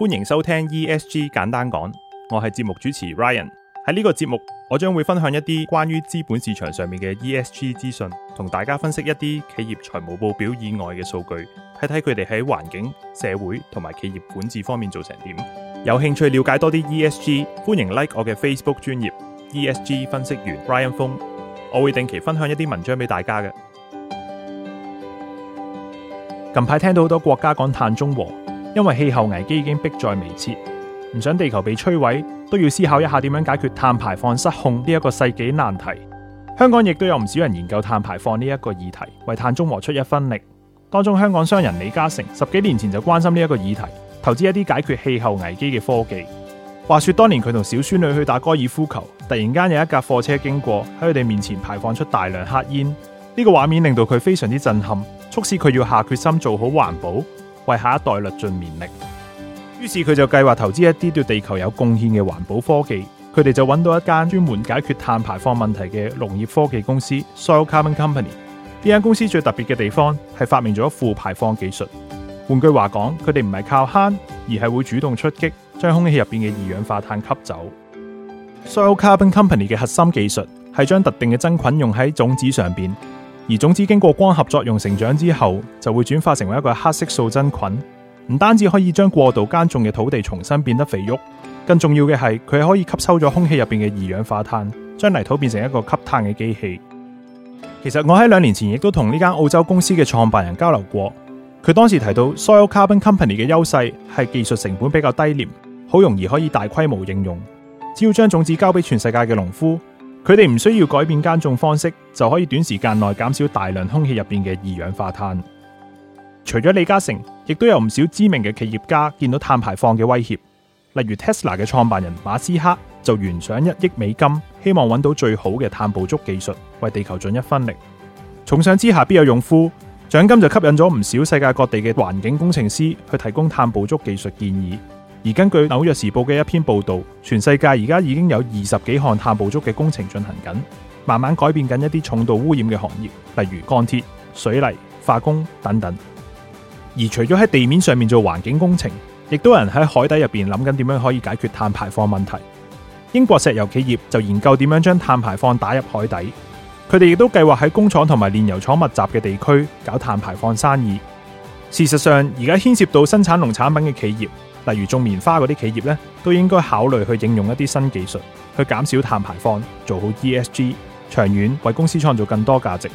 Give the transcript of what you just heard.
歡迎收聽 ESG 簡單講，我係節目主持 Ryan。喺呢個節目，我將會分享一啲關於資本市場上面嘅 ESG 資訊，同大家分析一啲企業財務報表以外嘅數據，睇睇佢哋喺環境、社會同埋企業管治方面做成點。有興趣了解多啲 ESG，歡迎 like 我嘅 Facebook 專頁，ESG 分析員 Ryan 風，我會定期分享一啲文章俾大家嘅。近排聽到好多國家講碳中和。因為氣候危機已經迫在眉睫，唔想地球被摧毀，都要思考一下點樣解決碳排放失控呢一個世紀難題。香港亦都有唔少人研究碳排放呢一個議題，為碳中和出一分力。當中香港商人李嘉誠十幾年前就關心呢一個議題，投資一啲解決氣候危機嘅科技。話說當年佢同小孫女去打高爾夫球，突然間有一架貨車經過，喺佢哋面前排放出大量黑煙，呢個畫面令到佢非常之震撼，促使佢要下決心做好環保為下一代略盡綿力，於是佢就計劃投資一啲對地球有貢獻嘅環保科技。佢哋就揾到一間專門解決碳排放問題嘅農業科技公司，Soil Carbon Company。呢間公司最特別嘅地方係發明咗負排放技術。換句話講，佢哋唔係靠慳，而係會主動出擊，將空氣入邊嘅二氧化碳吸走。Soil Carbon Company 嘅核心技術係將特定嘅真菌用喺種子上邊。而種子經過光合作用成長之後，就會轉化成為一個黑色素真菌，唔單止可以將過度耕種嘅土地重新變得肥沃，更重要嘅係佢可以吸收咗空氣入邊嘅二氧化碳，將泥土變成一個吸碳嘅機器。其實我喺兩年前亦都同呢間澳洲公司嘅創辦人交流過，佢當時提到 Soil Carbon Company 嘅優勢係技術成本比較低廉，好容易可以大規模應用，只要將種子交俾全世界嘅農夫。佢哋唔需要改變耕種方式，就可以短時間內減少大量空氣入邊嘅二氧化碳。除咗李嘉誠，亦都有唔少知名嘅企業家見到碳排放嘅威脅，例如 Tesla 嘅創辦人馬斯克就懸賞一億美金，希望揾到最好嘅碳捕捉技術，為地球盡一分力。重賞之下必有勇夫，獎金就吸引咗唔少世界各地嘅環境工程師去提供碳捕捉技術建議。而根據紐約時報嘅一篇報道，全世界而家已經有二十幾項碳捕，捕捉嘅工程進行緊，慢慢改變緊一啲重度污染嘅行業，例如鋼鐵、水泥、化工等等。而除咗喺地面上面做環境工程，亦都有人喺海底入邊諗緊點樣可以解決碳排放問題。英國石油企業就研究點樣將碳排放打入海底，佢哋亦都計劃喺工廠同埋煉油廠密集嘅地區搞碳排放生意。事實上，而家牽涉到生產農產品嘅企業。例如種棉花嗰啲企業咧，都應該考慮去應用一啲新技術，去減少碳排放，做好 ESG，長遠為公司創造更多價值。